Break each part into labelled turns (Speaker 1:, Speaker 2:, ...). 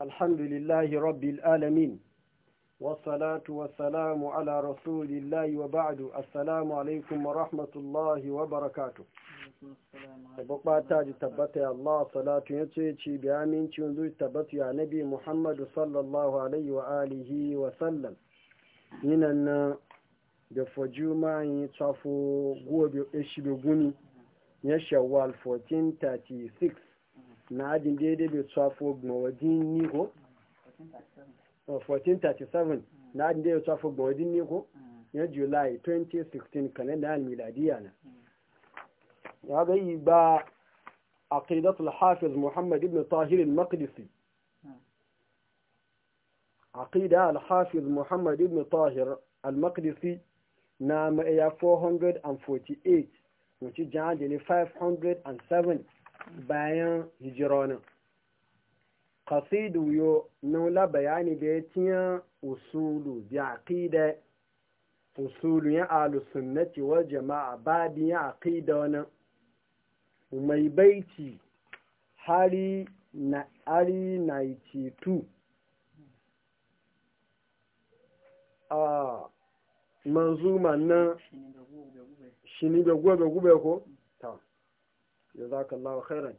Speaker 1: الحمد لله رب العالمين والصلاه والسلام على رسول الله وبعد السلام عليكم ورحمه الله وبركاته bukpataji tabbata ya Allah salatu ya ce ci bi amincin zuci tabbata ya nabi Muhammadu sallallahu alaihi wa alihi wa sallam da faju mai tsafo gobe ishi ya shawwal 1436 na ajin daidai bai tsafo mawajin ni ko 1437 na ajin daidai tsafo mawajin ni ko ya july 2016 kalenda al-miladiya na ya ga yi ba aqidatul hafiz muhammad ibn tahir al-maqdisi aqida al-hafiz muhammad ibn tahir al-maqdisi na ma 448 which is 507 bayan hijironin qasidu yo nula bayani da ya tiya usulu bi aqida usulu ya ahlus sunnati wal jama'a babi ya aqida wani mai baiti hari na ari 92 a manzuma nan shi ni gube gube ko ta jazakallahu khairan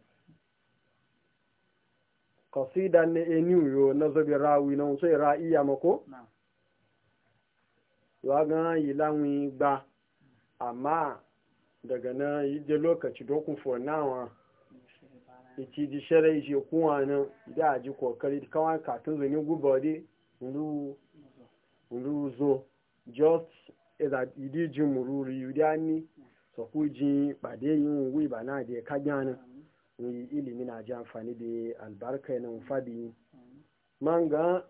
Speaker 1: qasida ne eniu yo na zabi rawi na so ira e iya mako wa gba amma daga na yi lokaci dokun for now iti di shere ije kuwa nan da aji kokari kawai katun zuni gubode nru zo just ida e idi jimuru ri ku ji ba dai yin wui ba na da ka gana ni ilimi na ji amfani da albarka na fadi manga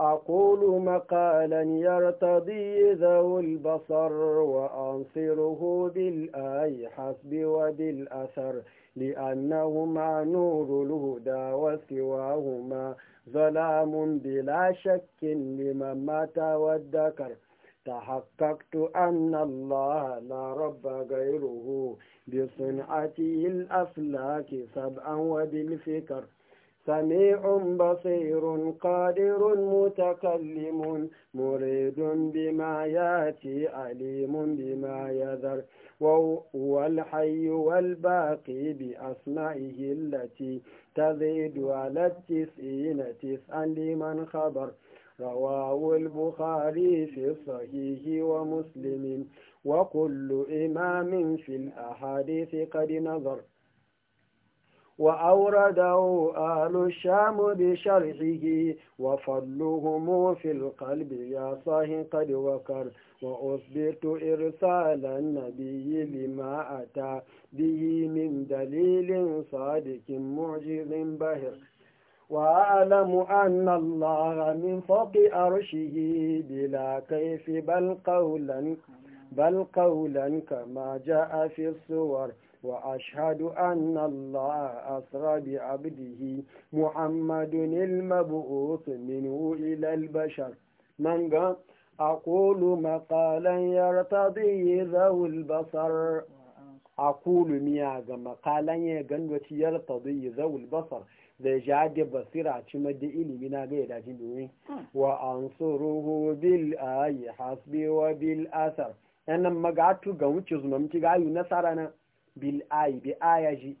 Speaker 1: أقول مقالا يرتضي ذو البصر وأنصره بالآي حسب وبالأثر لأنهما نور الهدى وسواهما ظلام بلا شك لمن مات والذكر تحققت أن الله لا رب غيره بصنعته الأفلاك سبعا وبالفكر سميع بصير قادر متكلم مريد بما ياتي عليم بما يذر وهو الحي والباقي بأسمائه التي تزيد على التسعين تسعا لمن خبر رواه البخاري في صحيح ومسلم وكل إمام في الأحاديث قد نظر وأورده أهل الشام بشرحه وفضلهم في القلب يا صاح قد وكر وأثبت إرسال النبي لما أتى به من دليل صادق معجز بهر وأعلم أن الله من فوق أرشه بلا كيف بل قولا بل قولا كما جاء في الصور وأشهد أن الله أسرى بعبده محمد المبعوث منه إلى البشر من قال أقول مقالا يرتضي ذو البصر أقول مياغا مقالا يغنوتي يرتضي ذو البصر zai ja ga basira ci madi ilimi na ga yada jin domin hmm. wa an tsoro bil ayi hasbi wa bil asar yanan magatu ga wuce zuma miki ga nasara na bil ayi bi aya ji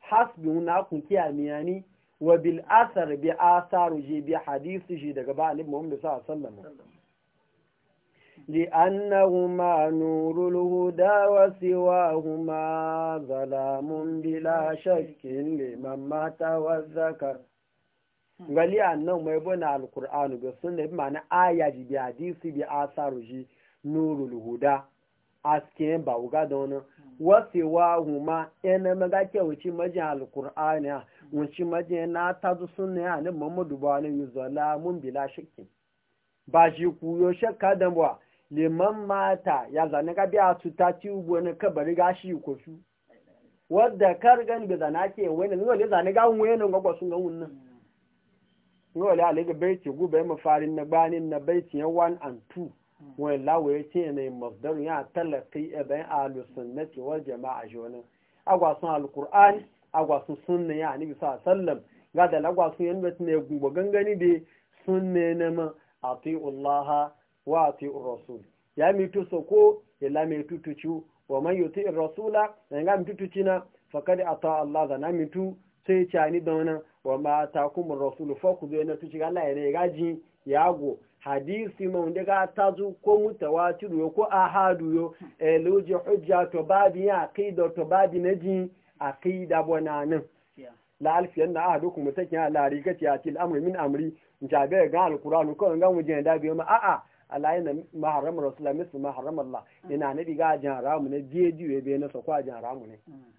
Speaker 1: hasbi na kun kiya miyani wa bil asar bi asaru ji bi hadisi ji daga ba alim muhammad sallallahu alaihi wasallam لأنهما نور الهدى وسواهما ظلام بلا شك لمن مات والذكر gali annan mai bana alkur'anu ga sunna bi ma'ana ayaji bi hadisi bi asaruji nurul huda aske ba uga da wani wasu wa huma yana maga ke wuce majin alkur'ani wuce majin na tazu sunna ya ne mamadu ba ne yi zalamun bila shakin ba shi yaushe shakka da ba liman mata ya zane ka biya su ta ci ubo ne ka bari shi ko su wadda kar gani da zana ke wani ne wale zane ga wani ne gwagwa sun ga wannan ne wale ale ga baiti gube mu farin na banin na baiti ya 1 and 2 wani lawo ya ce ne mafdaru ya talafi idan alusun na cewar jama'a jona agwasun alkur'ani agwasun sunna ya nabi bisa sallam ga da lagwasun yan ne gungo gangani da sunne na ma Ati Allah wa ati Rasul ya mi to soko ya la mi tutucu wa man yuti rasula dan ga mi tutuci na faqad ata Allah da na mi tu sai ci ni da wannan wa ma ta kuma rasul fa ku na tuci ga Allah ya ne gaji yago hadisi ma wanda ga tazu ko mutawatir yo ko ahadu yo eluji hujja to babi aqida to babi naji aqida bonanan la alfiyan na take mutakin ala rikati atil amri min amri in ta ga ga alqur'anu ko ga mu jin da biyo ma a a Allah yana maharam rasulullah misl maharam Allah hmm. ina ne diga jan ramu ne ji we biye na kwa jan ramu ne hmm.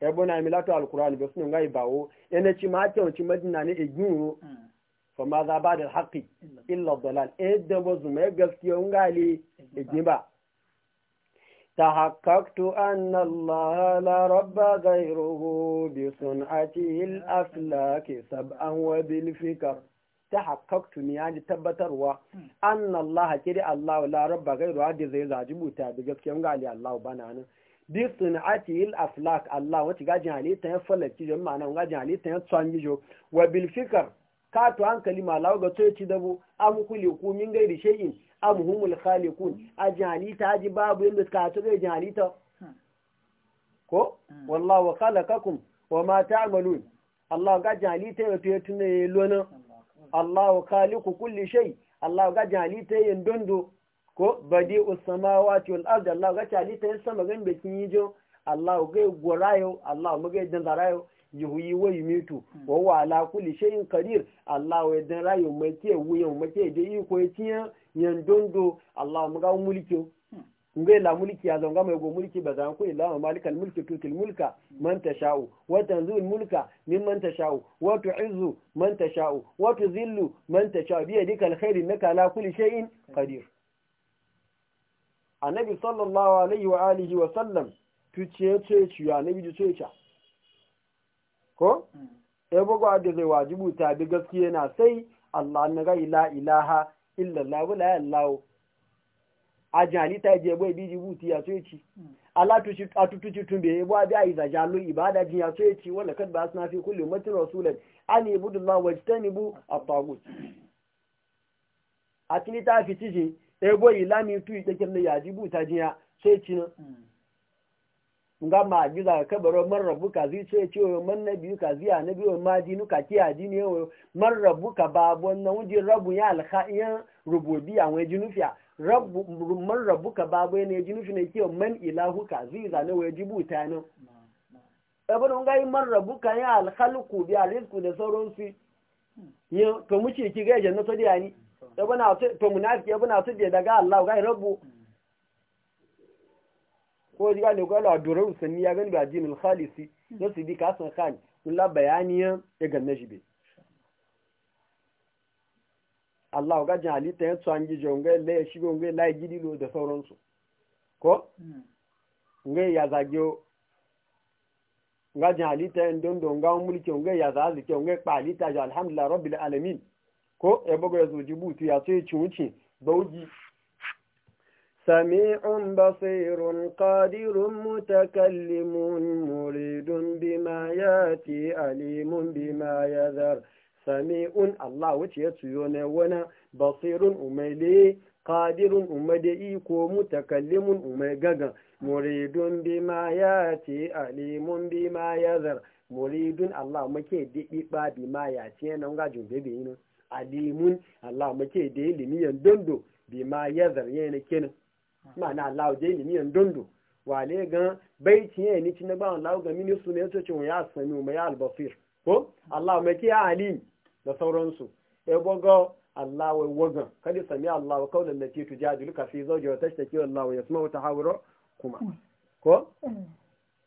Speaker 1: ebo na milato alqur'anu be sunu ngai bawo ene ci ma ta ci madina ne egun hmm. fa ma za ba da haqi illa dalal e da bozu mai gaskiya ungali ejin e ba تحققت أن الله لا رب غيره بصنعته الأفلاك سبعا وبالفكر تحققت ne ya ji tabbatarwa an Allah kiri Allah la rabba gairu hadi zai zaji buta da gaskiyan gali Allah bana nan bi sun'atihil aflak Allah wata gajin halitta ya falaki jin ma'ana gajin halitta ya tsangi jo wa bil ka to hankali ma ga tsoyi dabo am ku min gairi shay'in am humul khaliqun a jahalita aji babu yadda suka hatu zai jahalita ko hmm. wallah wa khalaqakum wa ma ta'malun Allah ga jahalita ya tuye tunne lona Allah wa khaliqu kulli shay Allah ga jahalita yin dondo ko badi'us samawati wal ardi Allah ga jahalita yin sama gan bakin yijo Allah ga gorayo Allah mu ga dan zarayo yuhuyi wa yumitu hmm. wa wa ala kulli shay'in qadir Allah wa dan rayo mai ke wuyan mai ke je iko ya tiyan dondo, Allah mu ga mulki hmm. ngai la mulki ya zanga mai go mulki ba zan ku illa malikal mulki tutil mulka man tasha'u wa tanzul mulka man tasha'u wa tu'izzu man tasha'u wa tuzillu man tasha'u bi yadika alkhair innaka ala kulli shay'in qadir annabi sallallahu alaihi wa alihi wa sallam tuce ce ci ya nabi tuce ce ko hmm. e bogo da zai wajibu ta bi gaskiya na sai Allah na ila ilaha illallah wala illallah ajin alita je bo ibi jibu ti ya tsoci alatuci atutuci tumbe ya bo abi aiza jalo ibada jin ya tsoci wala kad ba asna fi kulli ummatin rasulan an ibudullah wajtanibu at-tagut atilita fi tiji ebo ilami tu itekin ya jibu ta jin ya tsoci na hmm. nga ma agiza kabaro man ka zai ce ce wa man nabiyu ka ziya nabi wa madinu ka ki adini wa man rabbuka babu wannan wuje rabu ya alkhaiyan a wa rabu rabbu ka ba babu ne jinufi ne ki man ilahu ka zai zane buta jibuta nan abin e nga yi man ka ya alkhalqu bi alizku da sauransu to mu ce ki ga jannatu e e da yani abin to munafiki abin to daga Allah ga rabu ko ji gane ko Allah durar usanni ya gani ga dinul khalisi na sidi ka san khan la bayaniya ya ganna shi be Allah ga jin halitta ya tsan ji jonga le shi gonga la gidi lo da sauransu ko hmm. ngai ya zagyo nga jin halitta ya don nga mulki ngai ya zazi ke ngai palita ja alhamdulillah rabbil alamin ko e bogo ya zuji butu ya sai cinci bauji سميع بصير قادر متكلم مريد بما ياتي أليم بما يذر سميع الله وتيتيون ونا بصير أملي قادر أمدئي كو متكلم أمجاجا مريد بما ياتي أليم بما يذر مريد الله مكي دئي بما ياتي نونغا نغاجو أليم الله مكي دئي لميان دندو بما يذر يعني كنه ma'ana Allah je ni miyan wa wale gan bai tiye ni cin ba Allah ga mini su ne so cin ya sanu mai albasir ko Allah mai ki alim da sauransu e bogo Allah wa wagan kada sami Allah wa kaulan lati ka fi zawji wa tashtaki wallahu yasma'u tahawura kuma hmm. ko hmm.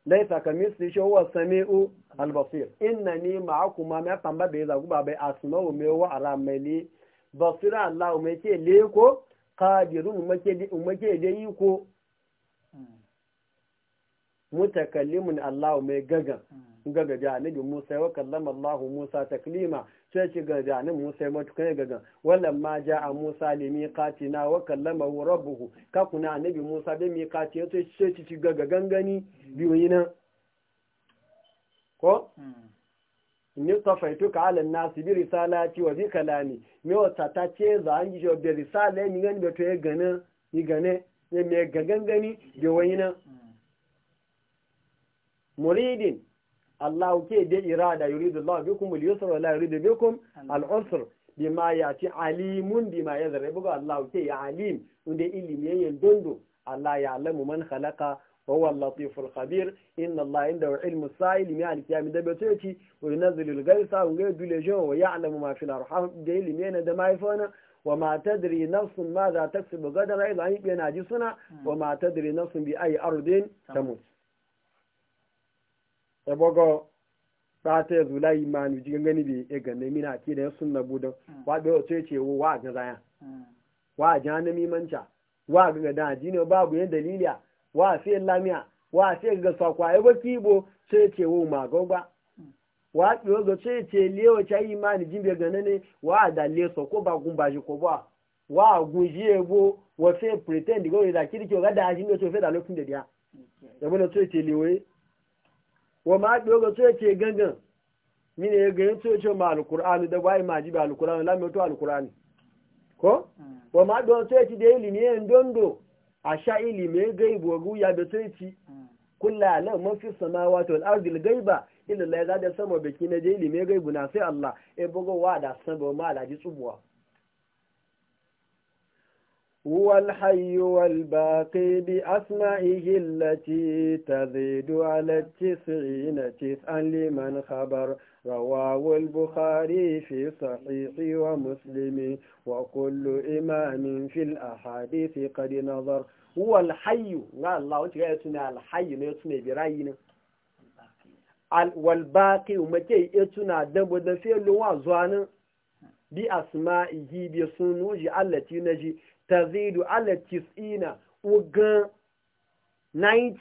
Speaker 1: laisa ka misli shi huwa sami'u al-basir innani ma'akum ma tamba za zagu ba bai asma'u mai wa ni basira Allah mai ke leko qadirun make da yi ko mutakallimun Allah mai gaga hmm. gaga janibi Musa wa kallama Allah Musa taklima sai ci ga janibin Musa matukan gaga wallan ma a Musa li miqatina wa kallama rabbuhu ka kuna annabi Musa bi miqati yato sai ci gaga gangani hmm. biyu ko hmm. ni safaitu ka ala nasi bi ci wa bi kalami mi wata ta ce za an ji da risala ni ngani da to ya gane ni gane ne me gagan gani da wayina muridin Allah ke da irada yuridu Allah bikum al-yusra wa la yuridu bikum al-usra bima yati alimun bima ya buga Allah ke ya alim inda ilimi yayin dondo Allah ya alamu man khalaqa هو اللطيف الخبير إن الله عنده علم السائل يعني كيام دبتوتي وينزل الغيث ويجد لجون ويعلم ما في الأرحام دي لمين دمائفونا وما تدري نفس ماذا تكسب غدا أيضا يبين عجسنا وما تدري نفس بأي أرض تموت ebogo ba ta yanzu layi ma ni jigin gani bi e ganne mina ke da sun na budan wa be o ce wo wa ga zaya wa jana mi manca wa ga da jini babu yan dalila wa fi lamiya wa fi ga sakwa ai ba kibo sai ce wo magogba wa fi ga sai ce lewo cha imani jimbe ne wa da le so ko ba gumba ji ko ba wa gunji e bo wa fi pretend go e da kirki ga da ajin to fi da lokacin da dia da mun sai ce lewaye wa ma fi ga sai ce gangan mine ya gani sai e ce ma alqur'ani da bai ma ji ba alqur'ani lamu to alqur'ani ko hmm. wa ma don sai ce da ilimi en dondo a sha mai gaibu wa guya da sai ci mm. kulla la mafi samawa wato al'adil gaiba illa la ya sama biki na je mai gaibu na sai Allah e bugowa da sabo ma alaji tsubuwa هو الحي والباقي بأسمائه التي تزيد على التسعين تسعا لمن خبر رواه البخاري في صحيح ومسلم وكل إمام في الأحاديث قد نظر هو الحي لا الله أنت يتنا الحي يتنا برأينا والباقي ومتى يتنا دم ودفع لوا زوانا بأسمائه بسنوج التي نجي tazidu ala tis'ina ugan 90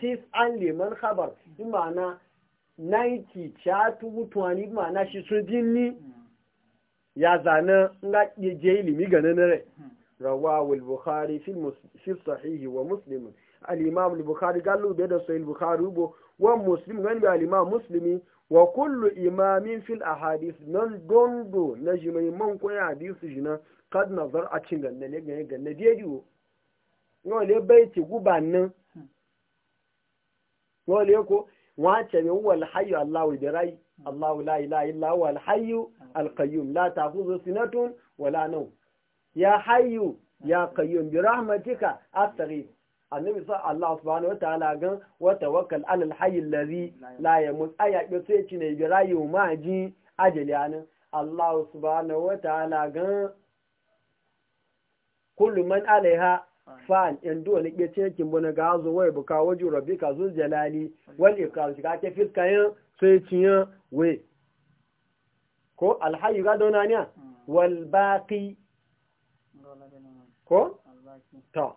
Speaker 1: tis an liman khabar bi ma'ana 90 cha tu mutuwani bi ma'ana shi sun dinni ya zana nga je ilimi ganin rai rawahu al-bukhari fi fi sahihi wa muslim al-imam al-bukhari gallu da da sahih bukhari bo wa muslim gan da al-imam muslimi wa kullu imamin fil ahadith nan dondo na jimai man ko hadisi jina. kad nazar a cin ganna ne ganne ganne diye diwo yau le bai ci guban nan yau le ko wace ne huwa alhayu. allahu bi rai allahu la ilaha illa huwa alhayyu alqayyum la ta'khudhu sinatun wala nawm ya hayu ya qayyum bi rahmatika astaghith annabi sa Allah subhanahu wa ta'ala gan wa tawakkal ala alhayy alladhi la yamut aya ke sai ci ne bi rayu ma ji ajali anan Allah subhanahu wa ta'ala gan kullu man alaiha ah. fan yan duwa ne ɓece yankin bu na gazo wai buka wajen rabi ka zun jalali wani ikram shiga ke fiska yin sai ciyan wai ko alhayu ga dauna ne hmm. wal baqi ko ta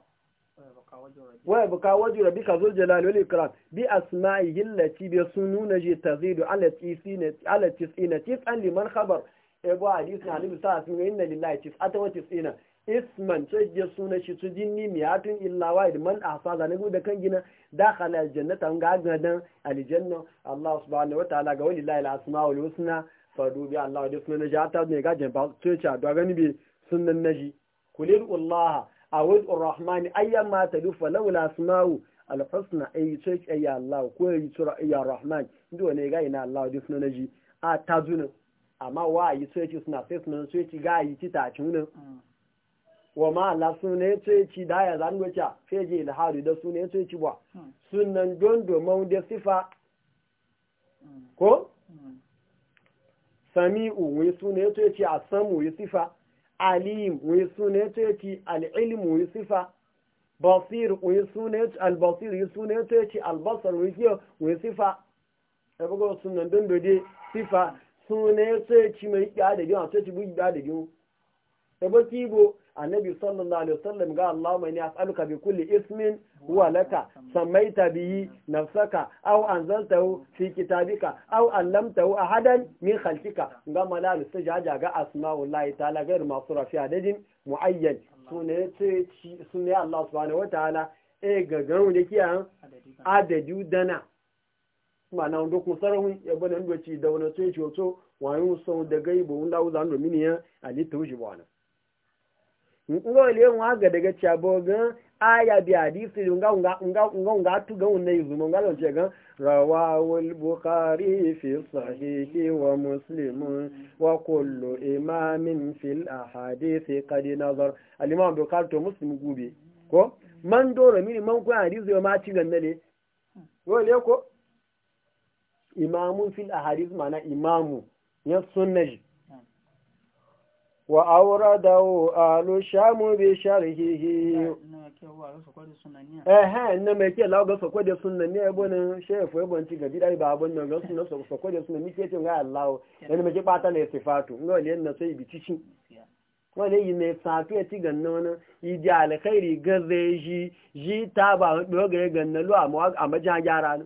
Speaker 1: wai buka wajen rabi ka zun jalali wani ikram bi asma'i hillaci bi sununa je tazidu ala tis'ina tis'an liman khabar ebo hadis na alibi Sa'a sun yi inna lillahi tis'ata wa ina. isman ce suna shi su jinni miyatun illa wahid man ahsa da nagu da kan gina dakhala aljannata ga gadan aljanna Allah subhanahu wa ta'ala ga wallahi alasmaul husna fadu bi Allah da sunan ta ne ga ba ce ce da gani bi sunan naji kulil Allah awud arrahman ayyama tadufa laula asma'u al-husna ay ce ya Allah ko yi sura ya rahman ndo ne ga ina Allah da sunan naji a tazuna amma wa yi ce suna sai sunan sai ga yi ta nan wa ma'ala suna ya tsoye ci da ya zan wuce feje ilharu da suna ya tsoye ci ba hmm. sunan don domin da sifa hmm. ko hmm. sami'u wai suna ya tsoye ci a samu wai sifa alim wai suna ya tsoye ci al'ilmu wai sifa basir wai suna ya albasir wai suna ya tsoye ci albasar wai kiyo wai sifa ya e buga sunan don dode sifa suna ya tsoye ci mai ɗa da biyu a tsoye ci bugi ɗa da e biyu ya ba kibo annabi sallallahu alaihi wasallam ga Allahumma inni as'aluka bi kulli ismin huwa laka samaita bihi nafsaka aw anzaltahu fi kitabika aw allamtahu ahadan min khalqika ga malal sujaja ga asma'ullahi ta'ala ga masura fi adadin muayyan sune sune Allah subhanahu wataala e gagaru da kiyan adadu dana mana wanda kun sarahun ya bana ndoci da wani sai ciwo wayo sun da gaibo wanda uzan dominiya ali tawji bwana ngawali yan wa ga daga cabo ga aya bi hadisi nga nga nga nga tu ga wannan yuzu nga lon ce ga rawawul bukhari fi sahihi wa muslim wa kullu imamin fil ahadith qad nazar al imam bukhari to muslim gube ko man dora mini man ko hadisi ma ci ganna ne wale ko imamun fil ahadith mana imamu ya sunnaji wa aure da وأورده أهل الشام بشرحه ehe na mai ke lawa ga sokwa da sunna ne ebo na shefu ebo nci gabi dai ba abun nan ga sunna sokwa da sunna ni ke tin ga Allah dan mai ke bata ne sifatu ngo le na sai bi cici ngo le yi ne safi ti ga nan yi ji alkhairi ga zai ji ji ta ba do ga ga nan lu amma amma gyara ne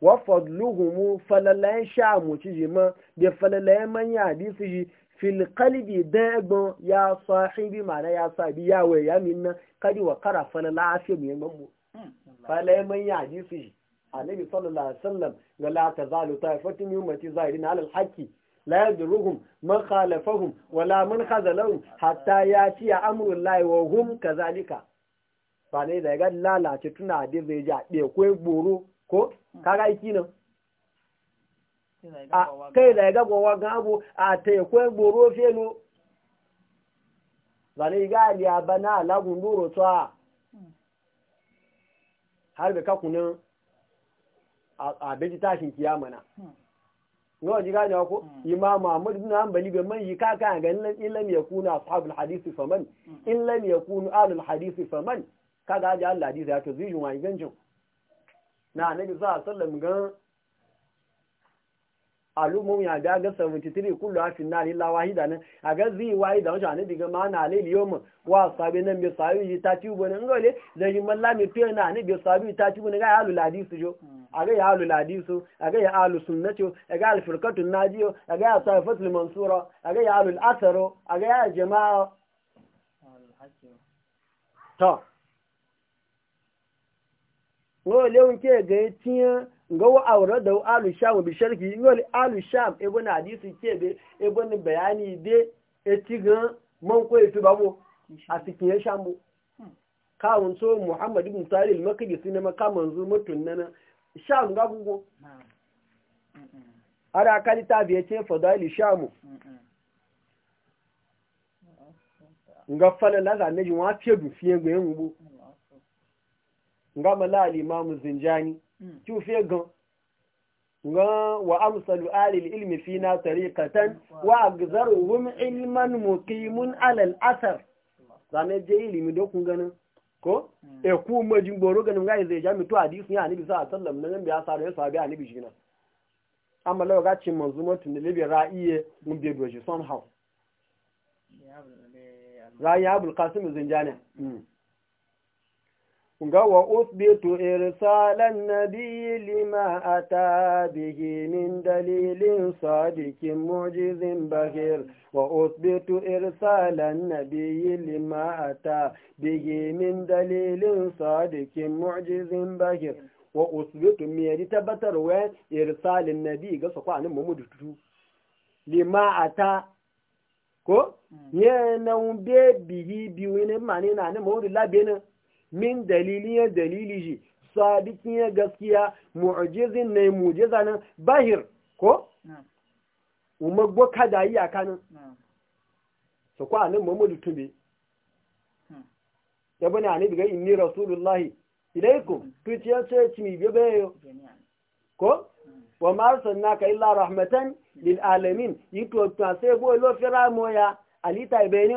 Speaker 1: wa fadluhum falalayan sha'amu ci ji ma da falalayan manya hadisi ji fil qalbi dagbon ya sahibi mana ya sahibi ya wai ya minna kadi wa kara falala ashe mu yamman mu falalayan manya hadisi ji annabi sallallahu alaihi wasallam ga la tazalu ta'ifatun min ummati zahirin alal haqqi la yadruhum man khalafahum la man khazalahum hatta yati layi wa hum kazalika ba ne da ga lalace tuna hadisi ji a ɗaya ko gboro ko mm. kaga aiki nan kai da ya gagowa ga abu a taikwai goro felo zane ga aliya ba na alagun doro tsawa mm. har da kakunan abinci tashin kiyama na yawon mm. ji gane ko imam ahmad ibn hanbali bai man yi kaka ga nan in lam a ashabul hadith faman in lam kunu ahlul hadith faman kaga ji Allah hadisi ya ta zai yi wa gancin na annabi za a sallam gan alumun ya ga ga 73 kullu afin na lila wahida nan a ga zai wahida wancan annabi ga ma na lili yau wa sabi nan bai sabi yi ta tubu nan gole da yi malla mai fiye na annabi sabi ta tubu ne ga ya alu ladisu jo a ga ya alu ladisu a ga ya alu sunnato a ga alfirkatun najiyo a ga ya safatul mansura a ga ya alu al'asaro a ga ya jama'a to wale nke ga ya tiya ga wa aure da alu sham bi sharki ngol alu sham e bona hadisi ke be e bayani be etigan tiga man ko yafi babo a cikin ya shambu kawun so muhammad ibn salih al-makdisi ne maka manzo mutun nan sham ga gugu ara kalita bi ce fadaili shamu nga fala la za ne ji wa gugu nga la al zinjani mm. ki fe gan nga wa amsalu alil ilmi fina tariqatan wa agzaruhum ilman muqimun ala al-athar zane je ilimi do kun ganin ko mm. e ku majin boro ganin ga zai jami to hadisi ya annabi sallallahu alaihi wasallam nan biya sare ya sabi annabi shi na amma lawa ga cin manzumatu ne libi ra'iye mun bi doji somehow ra'iye abul qasim zinjani mm. ga wa usbitu irsalan nabi lima ata bihi min dalilin sadikin mujizin bahir wa usbitu irsalan nabi lima ata bihi min dalilin sadikin mujizin bahir wa usbitu me yadi tabbatar wa irsalin nabi ga su kwanin mu mudutu lima ata ko hmm. yana be bihi ne mani na ne mawudu labenin min dalili ya dalili shi sadikin ya gaskiya na ne mu'ajiza nan bahir ko umagbo kada yi a kanin su kwa nan mamadu tube ya bane a nabi ga inni rasulullahi ilaikum tuciyar ce ci mi bebe yau ko wa marasan naka illa rahmatan lil alamin yi tuwa tuwa sai bo lo fira moya alita ibeni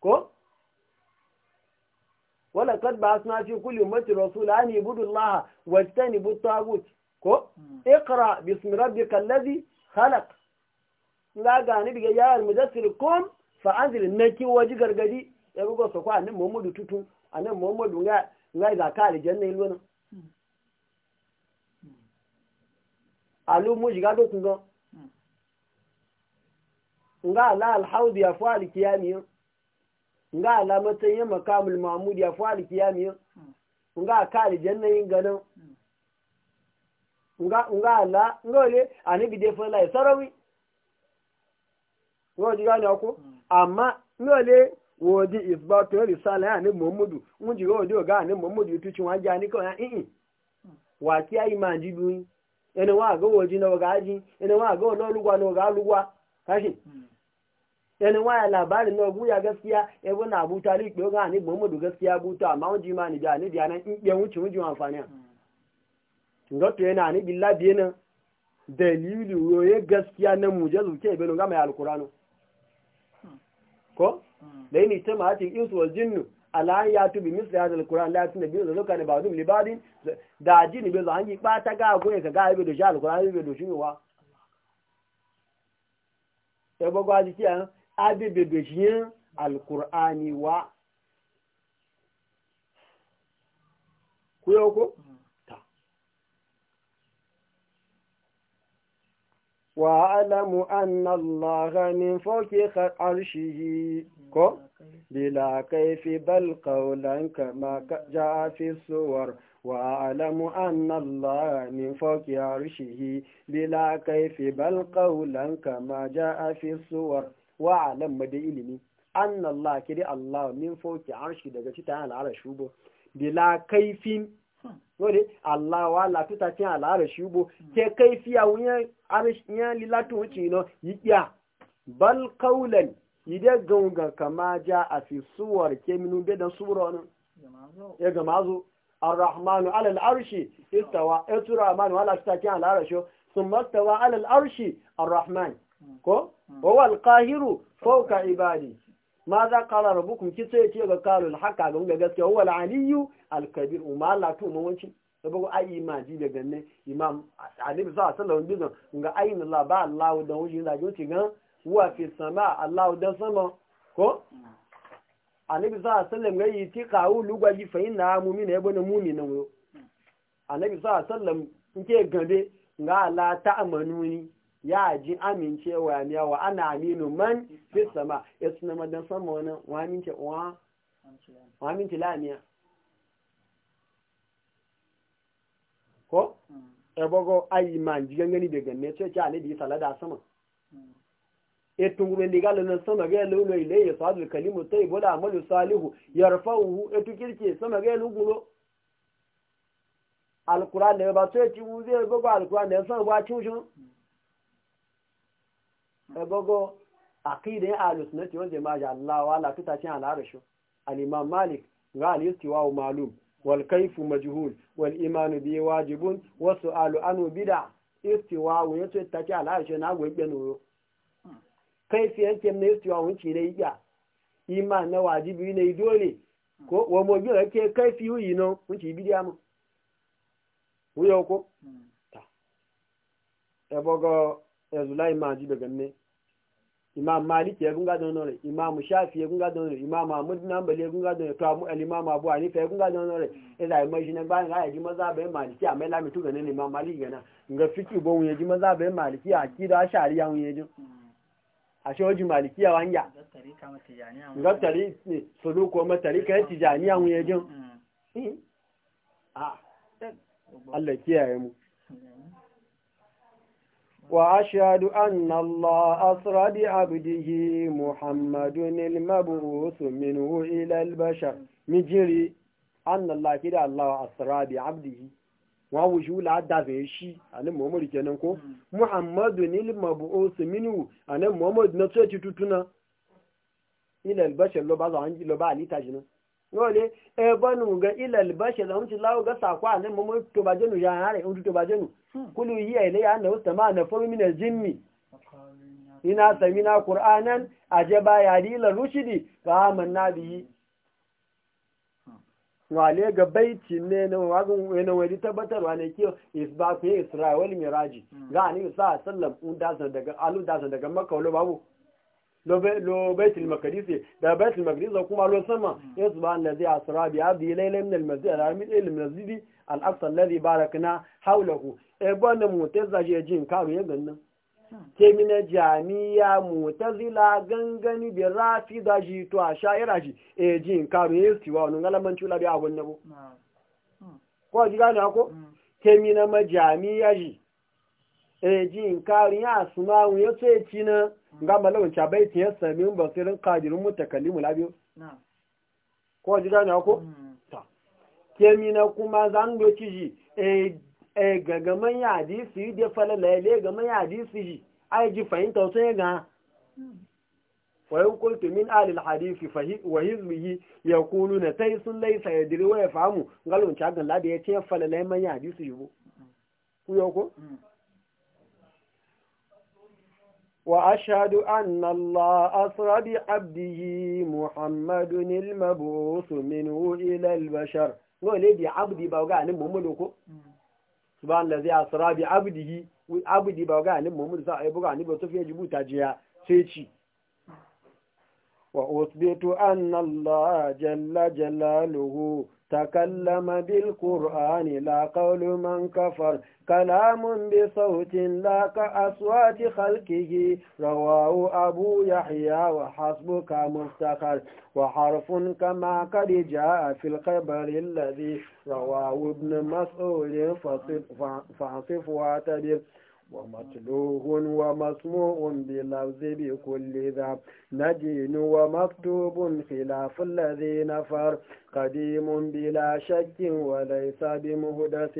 Speaker 1: ko wala kad ba asna fi kulli ummati rasul an ibudu allah wa tanibu tagut ko iqra bismi rabbika alladhi khalaq la ga ni biga ya al mudassir kum fa anzil naki waji gargadi ya bugo so ko annabi muhammadu tutu annabi muhammadu ga ga ga ka aljanna ilwana alu muji ga do kungo nga la al hawdi ya fa nga alamatan yin makamul mahmud ya fara kiyami hmm. nga kare janna yin ganin hmm. nga nga ala nga ole anibi de fun lai sarawi ngo ji gani ako hmm. amma nga ole woji isbatu risala ya ni muhammadu mun ji ga ni ni ya wa ki ayi ma ji bi ene wa ga woji na ga ji wa ga na yanin waya labarin na guya gaskiya ya na abuta tarihi ɗaya ga hannu muhammadu gaskiya buto amma wani jima ni da ni da nan ɗaya wuce wujin amfani ngato yana ni billa biye nan dalili roye gaskiya na mujazu ke lo ga mai alkurano ko da yini ta mahati insu wal jinnu ala ya tu bi misli hadal qur'an la tunna bi zalika ne ba'dum li ba'din da jini be zangi ba ta ga ga ibe do jal qur'an ibe do e bogo abebe bejiyan alkur'ani wa kuyoko ta wa alamu anna allaha min fawqi arshihi ko bila kaifi bal qawlan kama jaa fi suwar وأعلم أن الله من فوق عرشه بلا كيف بل قولا كما جاء في الصور wa alam madai ilimi an Allah kiri Allah min foki arshi daga cita ala arshi bo bila kaifin lori hmm. Allah wa la tuta ala arshi bo ke kaifi a arshi arshiyan lila wuce ino no yiya bal qawlan yi da gunga kama ja a fi suwar ke minu bedan suwar
Speaker 2: wani ya
Speaker 1: gama zo الرحمن على العرش استوى اترى من ولا استكان على العرش ثم استوى على العرش الرحمن كو وهو القاهر فوق عباده ماذا قال ربكم كي yake ce ga kalul haka ga ga gaskiya huwa al-aliyu al-kabir umma Allah to mun wancin saboda ai imaji da ganne imam Ali bin sallallahu alaihi wasallam ga ayin Allah ba Allah da wuji da joti ga huwa fi sama Allah da sama ko hmm. Annabi sallallahu alaihi wasallam ga yi ti kawu lugwaji fa inna mu'mina yabo na mu'mina wo hmm. Annabi sallallahu alaihi wasallam nke gande ga Allah ta amanuni ya ji amincewa ya miyawa ana aminu man fi sama ya suna madan sama wani wa aminci lamiya ko ebogo hmm. ayi ma ji gangani da ganne ce ce ne da yi salada sama etun hmm. gumen diga lana sama ga lulo ile ya sadu kalimu sai bola amalu salihu yarfa'uhu etu kirke sama ga lugulo alquran ne ba sai ci wuze gogo alquran ne sama ba ci ebogo aqidin ahlus sunnati wal jamaa Allah wa la tutacin al malik ga al istiwa wal kayfu majhul wal iman bi wajibun wa su'alu istiwa wa yace tace al arshu na gwe gbenuro kayfi yake istiwa iman na ko ne imam malik ya gunga don nore imam shafi ya gunga don nore imam ahmad na bale ya gunga don nore tuwa al imam abu hanifa ya gunga don nore e yi mai shine bayan ga ya ji maza bai maliki amma la mitu ganin imam malik gana nga fiki bon ya ji maza bai maliki a kida a shari ya ji a shi waji maliki ya wanya ga tari ne sulu ko matari kai tijaniya ya ji
Speaker 2: mm. hmm. ah. a Allah
Speaker 1: kiyaye mu Wa أن الله أسرى بعبده محمد المبعوث منه إلى البشر مجري أن الله كده الله أسرى بعبده wawuji wula adafe shi a nan muhammadu kenan ko muhammadu ni limabu osu a nan muhammadu na tsoci tutuna ilal bashar lo yole e banu ga ilal bashi da hunci lawo ga a nan mun to ba jenu ya hare hunci to ba jenu hmm. kulu yiya ile ya annabi sama na faru min jinni ina samina qur'anan ajaba ya dilal rushidi fa amanna bihi hmm. wale ga baiti ne na wagon wani wani tabbatarwa ne kiyo fi isra'il miraji hmm. ga ni sa sallam un da daga alu da daga makka babu lo baitul maqdis da baitul maqdis kuma lo sama ya subhan allazi asra bi abdi layla min al masjid al haram ila al masjid al aqsa allazi barakna hawlahu e bonda mutazaje jin karu ya gannan ke mina jami'a mutazila gangani bi rafi da ji to a sha'ira ji e jin karu ya tiwa wannan galaman chula bi a wannan ko ji gane ko ke mina majami'a ji eji inkarin ya asuma wun ya ce ci na ga malawun cabai ti ya sami un basirin kadirin mu takallimu labiyo ko ji gane ko ta kemi na kuma zan do ci ji e, e gagaman ya hadisi de falala ele gagaman ya hadisi ji ai e ji fahimta sai ga hmm. wa in qultu min ahli alhadisi fahi wa hizbihi yaquluna taysun laysa yadri wa yafamu ngalon cagan labiyo ya ce falala e man ya hadisi ji hmm. ku yo ko وأشهد أن الله أصر بعبده محمد المبعوث منه إلى البشر نقول بعبدي بوغا نمو ملوكو سبحان الذي أصر بعبده عبدي بوغا نمو ملوكو سبحان الذي أصر بعبده بوغا نمو تفين جبو تجيها سيتشي وأثبت أن الله جل جلاله تكلم بالقرآن لا قول من كفر كلام بصوت لا كأصوات خلقه رواه أبو يحيى وحسبك مفتخر وحرف كما قد جاء في الخبر الذي رواه ابن مسعود فاصف واعتبر ومطلوب ومسموع بلفظ بكل ذا نجين ومكتوب خلاف الذي نفر قديم بلا شك وليس بمهدث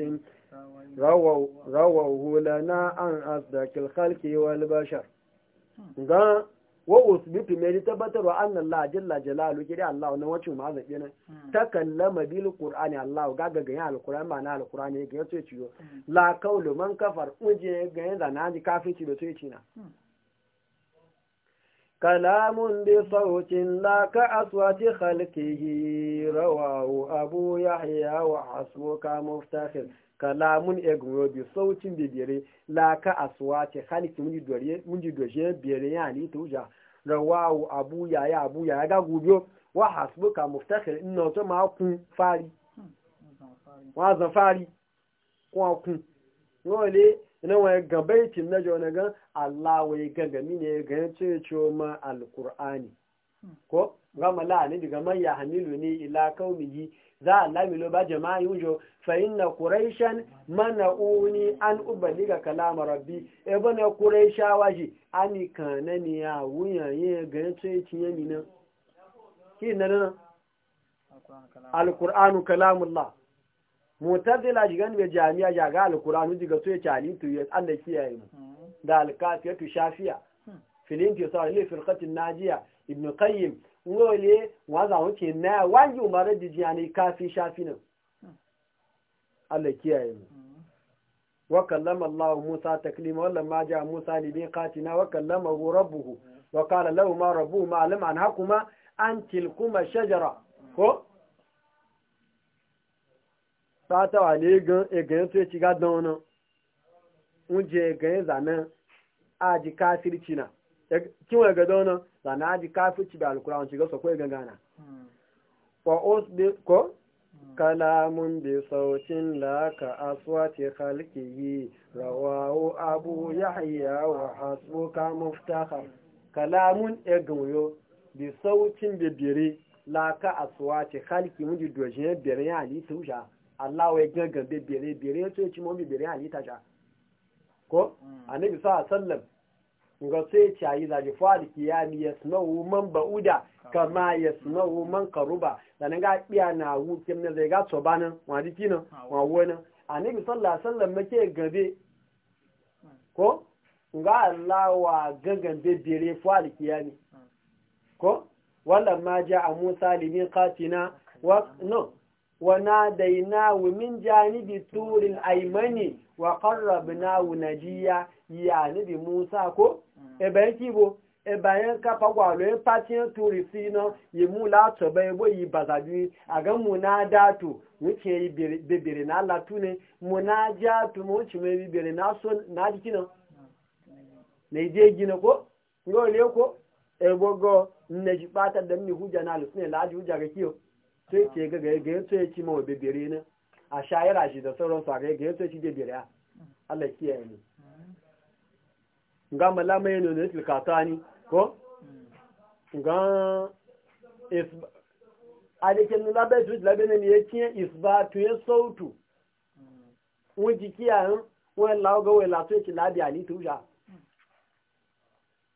Speaker 1: رووا رووه لنا عن أصدق الخلق والبشر wa usbitu me tabbatar tabbatarwa anna Allah jalla jalalu kidi Allah wannan wacin ma zabi nan hmm. takallama bil qur'ani Allah ga ga ga alquran ma na alquran ne ga yace ciyo hmm. la qawlu man kafar uje ga yanda na ji ci da ci na. Hmm. kalamun bi sautin la ka aswati khalqihi rawahu abu yahya wa asmuka muftakhir kalamun egoro bi sautin bi biyare la ka aswati khalqi mun ji dore mun ji doje ya yani tuja rawahu abu yaya abu yaya ga gubiyo wa hasbuka muftakhir inna to maa kun fari wa za fari ko kun yole ina wa gabaitin na jona ga Allah wai gagami ne ga yace ce ma alqur'ani ko gama laani ne daga man ya hamilu ne ila za a lami lo ba jama'a yunjo fa inna quraishan mana'uni an ubaliga kalama rabbi e bana quraisha waji ani kanani ya wuya ye ganin sai cinye nan ki nan alquran kalamullah mutazila jigan be jami'a ya ga alquran diga to ya tali to ya Allah kiyaye mu hmm. da alkafiyatu shafiya hmm. filin tisar li firqatin najiya ibn qayyim wa za wuce na wani umarar jijiya ne kafi shafi nan hmm. Allah kiyaye mu hmm. wa kallama Allah Musa taklima wallan ma ja Musa li bi qatina wa kallama rabbuhu hmm. wa qala lahu ma rabbuhu ma alim an hakuma an tilkuma shajara ko ta ta wale gan e gan to e ci ga don na je e gan e a aji kafirci na kiwa ga don na sana ji kafirci da alkurawan shiga su kawai gagana hmm. ko hmm. kalamun bi sautin laka aswati khalqihi rawahu abu yahya wa hasbuka muftakhar kalamun egunyo bi sautin bibire laka aswati khalqi mun ji dojin bibire e ya ali tuja Allah wai gangan bibire bibire to ci mun bibire ali taja ko hmm. annabi sallallahu alaihi wasallam ga sai ce yi zaji fadi kiyami ya sunawu man ba'uda kama ya sunawu man karuba sannan ga biya na hukim na zai ga tsobanin wadiki nan wawonin ah, a nabi sallah sallan make gabe ko ga Allah wa gangan bebere fadi kiyami ah. ko wallan ma ja a musa limin katina wa ah. no وناديناه من جانب الطور الأيمن وقربناه نجيا يا نبي موسى كو إبنتي بو ìbàyẹn kápákọ̀ yi ipá tí ó túrì sí iná ìmú látọ̀bẹ̀ ewé ìbàzàbí àgánmù náà dáàtò wọ́n na bèbèrè náà látúni mù náà jáàtò mọ́ ti mọ́ bèbèrè náà sọ Na dìkì náà lè na ko, kó lóòlé kó ẹgbọ́gọ́ na pátá dẹ́mí ìhújà náà lùsùn ẹ̀ láàájú ìjà rẹ̀ kí sai ce ga ga ga sai ci mawa bibire ne a shayara shi da sauran sa ga ga sai ci da bibire Allah kiyaye ni ga malama yana ne tilkata ni ko ga is alikin labe tu labe ne ya kiyaye isbatu ya sautu wuji kiyaye wani lauga wai latu ci labi ali tuja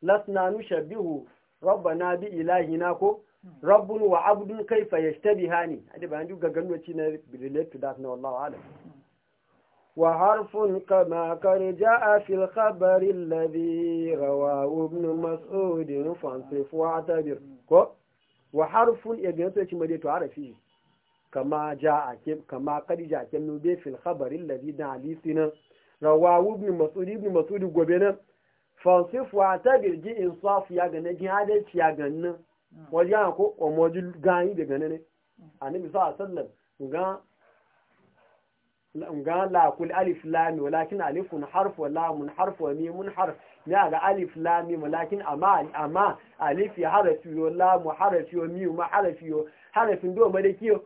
Speaker 1: lasna nushabihu rabbana bi ilahina ko rabbun wa abdun kaifa yashtabihani hadi bayan duk gaganwaci na relate to that na wallahu alam wa harfun kama kar jaa fil khabari alladhi rawahu ibn mas'ud fansif wa atabir ko wa harfun ya ga to kama jaa kama kar jaa nube fil khabari alladhi da alisina rawahu ibn mas'ud ibn mas'ud gobe nan fansif wa atabir insaf ya ga na ji adalci ya wajen ko omoji gani daga nane a nabi sa sallam ga lakul alif lami walakin alifun harf wa lamun harf wa mimun harf ne ga alif lami walakin amma alif ya harafi yo lamu harafi yo mimu harafi yo harafin do ma da kiyo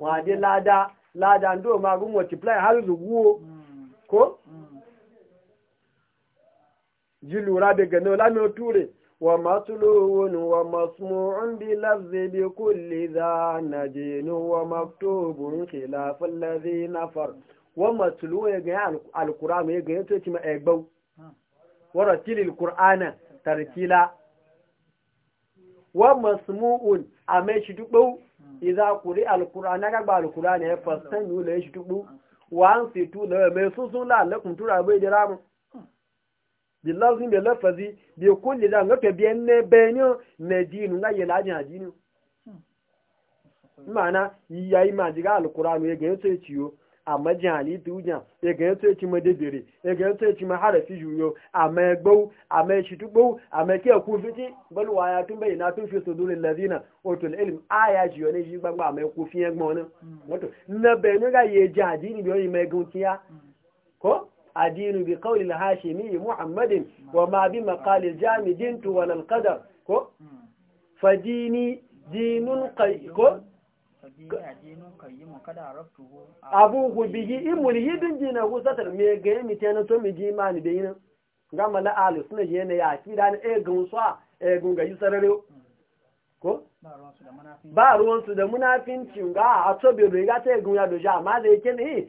Speaker 1: wa lada lada do ma gu multiply har zuwo hmm. ko hmm. ji lura daga no lamu ture ومطلوب ومسموع بلفظ بكل ذا نجين ومكتوب خلاف الذي نفر ومطلوب يجي القرآن يجي تتم أقبو ورتيل القرآن ترتيلا ومسموع أمشي تقبو إذا قرأ القرآن أكبر القرآن فاستنوا ليش تقبو وأنصتوا لما لا لكم ترى بيدرامو bi lafzin bi lafazi bi kulli da ngato bi ne benyo ne dinu nga yela nya dinu mana yayi ma diga alqur'anu ye ga to ama amma jihali tuja ye ga to ci ma dedere ye ga to ci ma harafi juyo amma e gbau amma e shi e tugbo amma ke ku fiti bal waya tun bai na tun fi sudurul ladina utul ilm aya jiyo ne ji gbagba amma ku fi yan gbona wato mm. na benyo ga ye adi ni bi o yi megun tiya mm. ko adinu bi qawli al-hashimi muhammadin wa ma bi maqali jamidin tu wal qadar ko fadini dinun ko
Speaker 2: abu ku bigi imul
Speaker 1: hidin jina ku satar me ga mi tana to mi ji mani da yin gama la alu suna je ne ya fi dan e gun so e gun ga yusarare ko ba ruwan su da munafinci ga a to bi riga ta gun ya doja amma da yake ne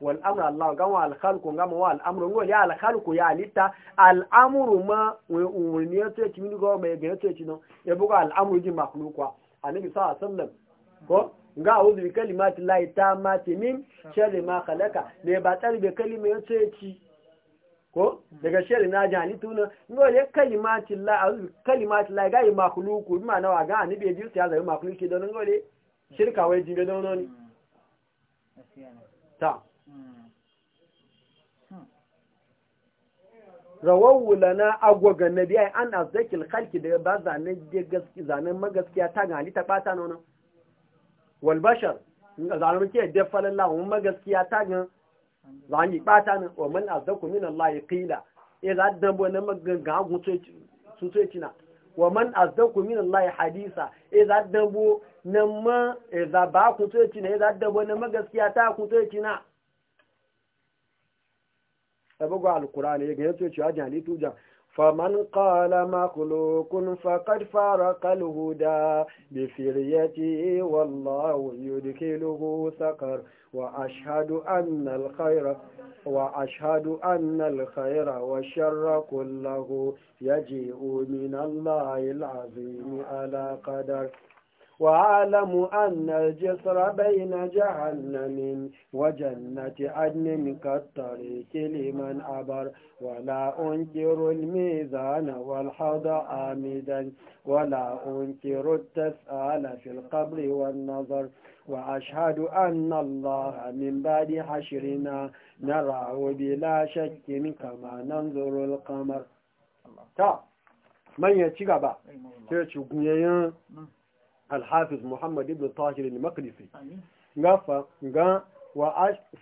Speaker 1: والامر الله Allah الخلق wa al khalqu يا الخلق يا لتا الامر ya ونيته khalqu ya ما al amru ma الامر دي مخلوق ya kimi go me ci no ya buga al amru ji makhluqa min ma khalaka ne ba tar bi kalima ci ko daga sharri na ni tuna ngo le kalimati la auzu kalimati la ga makhluqu ma na wa ga annabi ya ji ya zai makhluqi don ngo le shirka wai don ni ta
Speaker 2: Hmm.
Speaker 1: Hmm. rawawu lana agwaga na biya an azzakil halki da ba zanen magaskiya ta ga halitta bata nono walbashar zanen ke dafalan mun magaskiya ta ga zani bata nan wa man azzaku min Allah ya qila ya eh, za dan bo na maganga hagu su sai cina wa man azzaku min Allah ya hadisa e za dan bo na ma e za ba ku sai cina e za dan bo na magaskiya ta ku sai cina أبغى على القرآن يجنسوا شاجان يتوجا يعني فمن قال مخلوق فقد فارق الهدى بفريته والله يدخله سكر وأشهد أن الخير وأشهد أن الخير والشر كله يجيء من الله العظيم على قدر وعلم أن الجسر بين جهنم وجنة عدن كالطريق لمن عبر ولا أنكر الميزان والحوض آمدا ولا أنكر التسأل في القبر والنظر وأشهد أن الله من بعد حشرنا نراه بلا شك كما ننظر القمر من يتيقى بقى تيقى alhafiz muhammad ibn tahir al-maqdisi gafa ga wa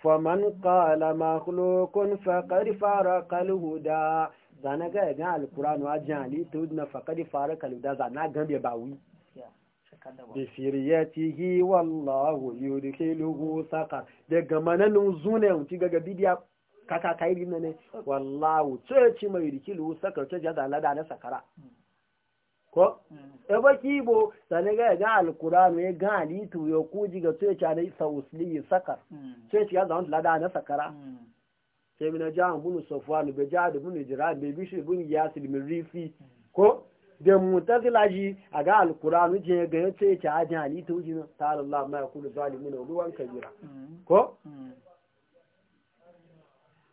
Speaker 1: faman qala makhluqun faqad farqa al-huda zana ga ga al-qur'an wa jali tudna faqad farqa al-huda zana ga be bawi bi firiyatihi wallahu yudkhiluhu saqar daga manan zune uti ga bidiya kaka kai ne wallahu ce ci mai yudkhiluhu saqar ce jaza lada na sakara hmm. ko mm. e ba kibo sane ga ga alqur'anu ya ga alitu ya kuji ga sai cha dai sausli sakar mm. sai ya zan lada na sakara mm. sai ja ja'an bunu safwan be da bunu jiran be bishi bunu sil min rifi ko da mutazila ji a ga alqur'anu je ga ce cha ajin alitu ji ta Allah ma yaqulu zalimuna ruwan kabira ko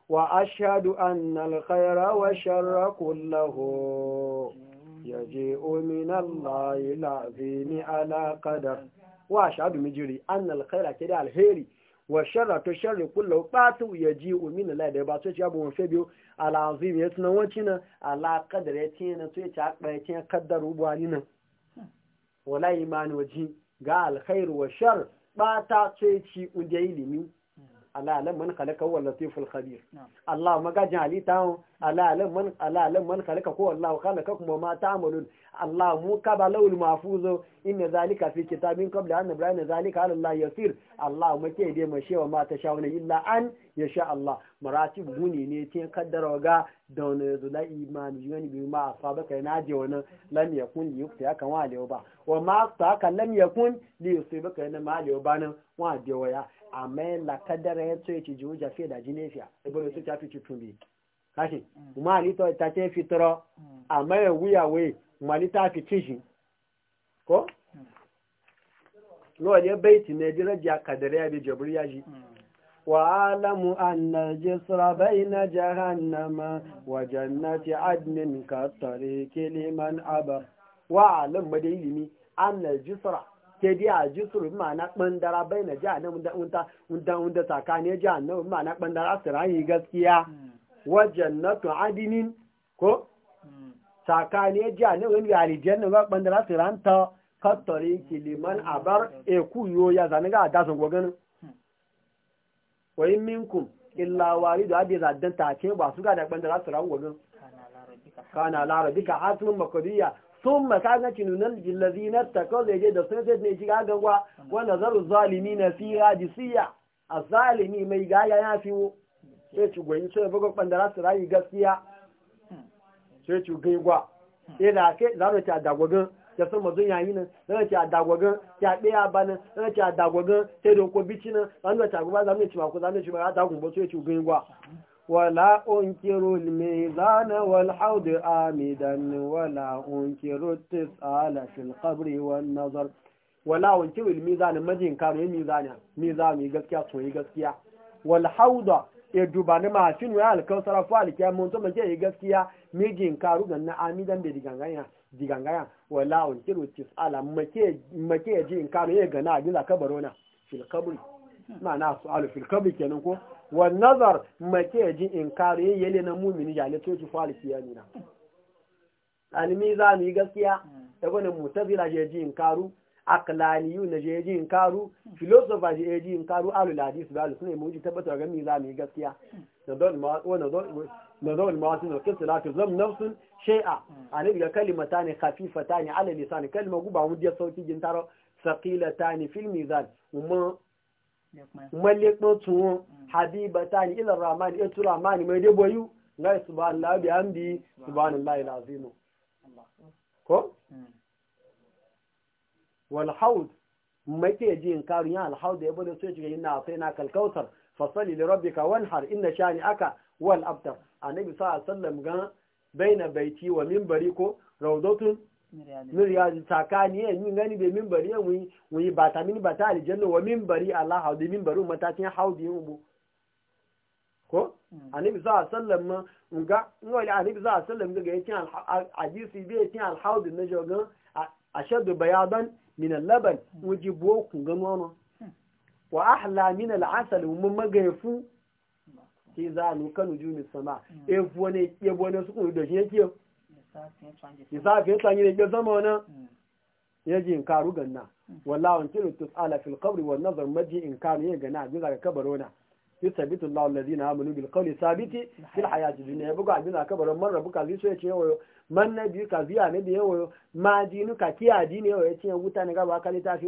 Speaker 1: wa ashhadu anna al-khayra wa sharra kullahu yaje omina Allah ila fini ala qadar wa shahadu mijiri an alkhaira kida alheri wa sharra to sharri kullu batu yaji omina Allah da ba to ya bu won febi ala azim yet na wacina ala qadar yetina to ya ba yetina qadar ubu alina wala iman waji ga alkhair wa shar bata to yaji udai limi ala alam man khalaqa huwa latiful khabir Allah magajin halitta ala alam man ala alam man khalaqa huwa Allah khalaqakum wa ma ta'malun Allah mu kaba lawul mahfuzo inna zalika fi kitabin qabla an ibrahim zalika ala Allah yasir Allah mu ke dai mu shewa ma ta shawuna illa an yasha Allah maratib guni ne tin kaddara ga da wani zula imani yoni bi ma asaba kai naje wannan lam yakun yukta yakan wa ba wa ma ta kan lam yakun li yusibaka na ma ba nan wa dewaya amma la kadara ya tsoye ci jiwu jafi da jinefiya ibn e su ta fi ci tumbi kashi mm. ta ce fitro mm. amma ya wuya we mali ta fi tishi ko lo mm. ne baiti ne kadara ya bi jabriya ji وأعلم أن الجسر بين جهنم وجنة عدن wa alam أبى وأعلم مديني أن jisra sai dai a ji suru ma'ana ɓandara bai na ji a nan wunta wunta tsakanin ji a nan ma'ana ɓandara su rayu gaskiya wajen na adinin ko tsakanin ji a nan wani alijiyar na ɓandara su ranta kattori kiliman abar eku yo ya zane ga dasan gwaganin wai minkum illa wari da adi addan ta ce ba su ga da ɓandara su rayu gwaganin kana larabika hatun makadiyya sun makaga cinunan jillazina ta kawai je da sun sai ne ji gagagwa wanda zaru zalimi na fi hadisiya a zalimi mai gaya fi sai ci gwayi sai bugu kwandara su rayu gaskiya sai ci gai gwa sai da kai za mu ci a dagwagin da sun mazun yayi nan za mu ci a dagwagin ci a ɗaya ba nan za mu ci a dagwagin sai da nan za mu ci a gaba za mu ci mako za mu ci mako a dagun ba sai ci gai gwa ولا أنكر الميزان والحوض آمدا ولا أنكر التسأل في القبر والنظر ولا أنكر الميزان مجين كانوا الميزان ميزان يغسكيا سوى يغسكيا والحوض يجبان ما ويال الكوثر فالك يا منتم جاء يغسكيا مجين كارو غنى آمدا بدغانغايا digangaya wala unkiru tisala make make jin kanu ya gana a gina kabarona fil qabri ma'ana su'alu fil qabri kenan ko wa nazar make ji inkari yele na mumini ya leto ci fali kiyami na alimi za mu gaskiya da hmm. gwanin mutazila je ji inkaru aklaniyu na je ji inkaru filosofa je ji inkaru alul hadis da alul sunna mu ji tabbata ga mi za mu gaskiya hmm. na don ma wannan don na don ma sun ke tsala ta zam nafsun shay'a hmm. ani ga kalimatani khafifatani ala lisan kalma guba mu je sauki gintaro saqilatani fil mizan umma malekun tuwo habiba ta ni ilar ramani ya tura ramani mai dai boyu na subhanallah bi hamdi subhanallah ilazimu ko wal haud make jin karun ya al haud ya bada so cikin na sai na kalkautar fasali wani har ina sha ni aka wal abtar a sallallahu alaihi wasallam ga baina baiti wa minbari ko rawdatun nur ya tsakani ya yi gani da mimbari ya wuyi ba ta mini ba ta aljanna wa mimbari Allah haudu mimbari matakin haudu yin ubu ko annabi za a sallam ma nga ngoli annabi za a sallam ga yakin hadisi bai yakin alhaudu na jogan ashaddu bayadan min al-laban wajibu ku ga nono wa ahla min al-asal mun magayafu ki za lu kanu jumi sama e vone e vone su ku do yake
Speaker 2: Hmm. ya za
Speaker 1: a fiye ya zama wani ya in karu ganna hmm. walla wani tilo to tsala fil nazar maji in karu ya gana abin zaga kabarona fi sabitin lawan lazi na amunu bil kauli sabiti ya buga abin zaga kabarona man rabu kazi so ya man na biyu ka biya ne da yawo ma jinu ka kiya jini yawo ya ce ya wuta ne gaba kali ta fi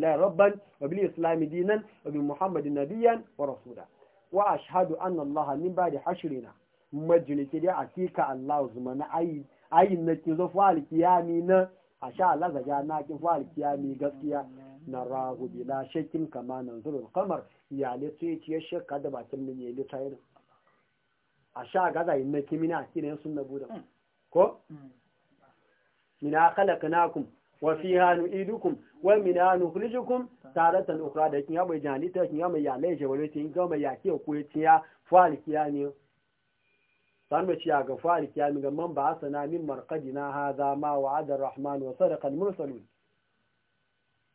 Speaker 1: rabban wa bil dinan wa bi muhammadin nabiyyan wa rasula wa ashhadu anna allaha min ba'di hashrina majini ke dai akika Allah zuma na ayi ayin na ke zo fa alkiyami na a sha Allah zaga na kin fa alkiyami gaskiya na rahu bila shakin kama nan zurul kamar ya le ce ce shakka da bakin min ya le tayin a sha gaza yin na mina a sun sunna buda mm. ko mm. mina khalaqnakum wa fiha nu'idukum wa mina nukhrijukum taratan ukhra da kin ya bai jani ta kin ya mai ya le wale tin ga mai ya ke ko tiya fa alkiyami sanwa ci a ga fari kiyami ga mamba ba asana min na hadha ma wa'ada ar-rahman wa sadaqa mursalu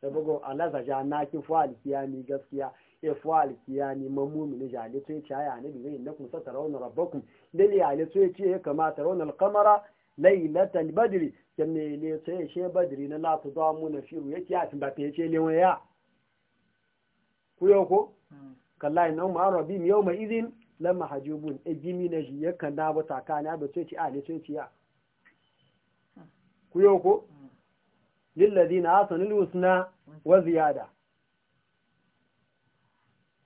Speaker 1: ta da bugo Allah za ja na ki fari kiyami gaskiya e fari kiyami mamumi ne ja le sai ya raunar bi ne kuma satarawna rabbakum dali ya le sai ce kama tarawna al-qamara laylatal badri kenne le sai badri na la tudamu na firu yake ya tin ba ta ce le waya ku yau ko kallahi na umma rabbi yawma idhin lama hajjubun ejimi na shi yakan na ba tsakani abu sai ci a ne sai ci ya ku yau ko lillazi na asanil husna wa ziyada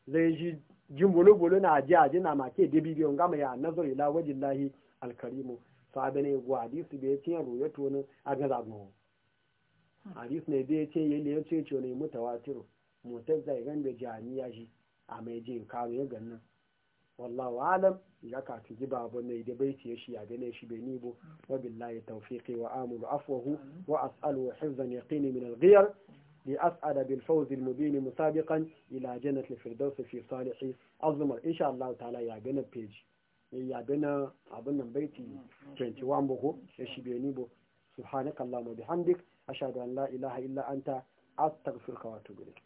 Speaker 1: zai shi jin bolo na ajiya aji na make da bibiyon gama ya nazari ila wajen lahi alkarimu sahabi ne gwa hadisu bai ce ruwa tonin a gaza gnuhu hadisu ne bai ce yi liyar ce ce ne mutawatiru mutar zai gan da jami'a shi a mai jin kawo ya gannan wallahu alam ga ka ta giba abin da idan bai shi ya gane shi bai nibo wa billahi tawfiqi wa amuru afwahu wa as'alu wa hifzan yaqini min al-ghiyar li as'ada bil fawz al mubin ila jannat al firdaus fi salihi azmar insha Allah ta'ala ya gane page ya gane abin nan baiti 21 boko sai shi bai nibo subhanakallahumma bihamdik ashhadu an la ilaha illa anta astaghfiruka wa atubu ilayk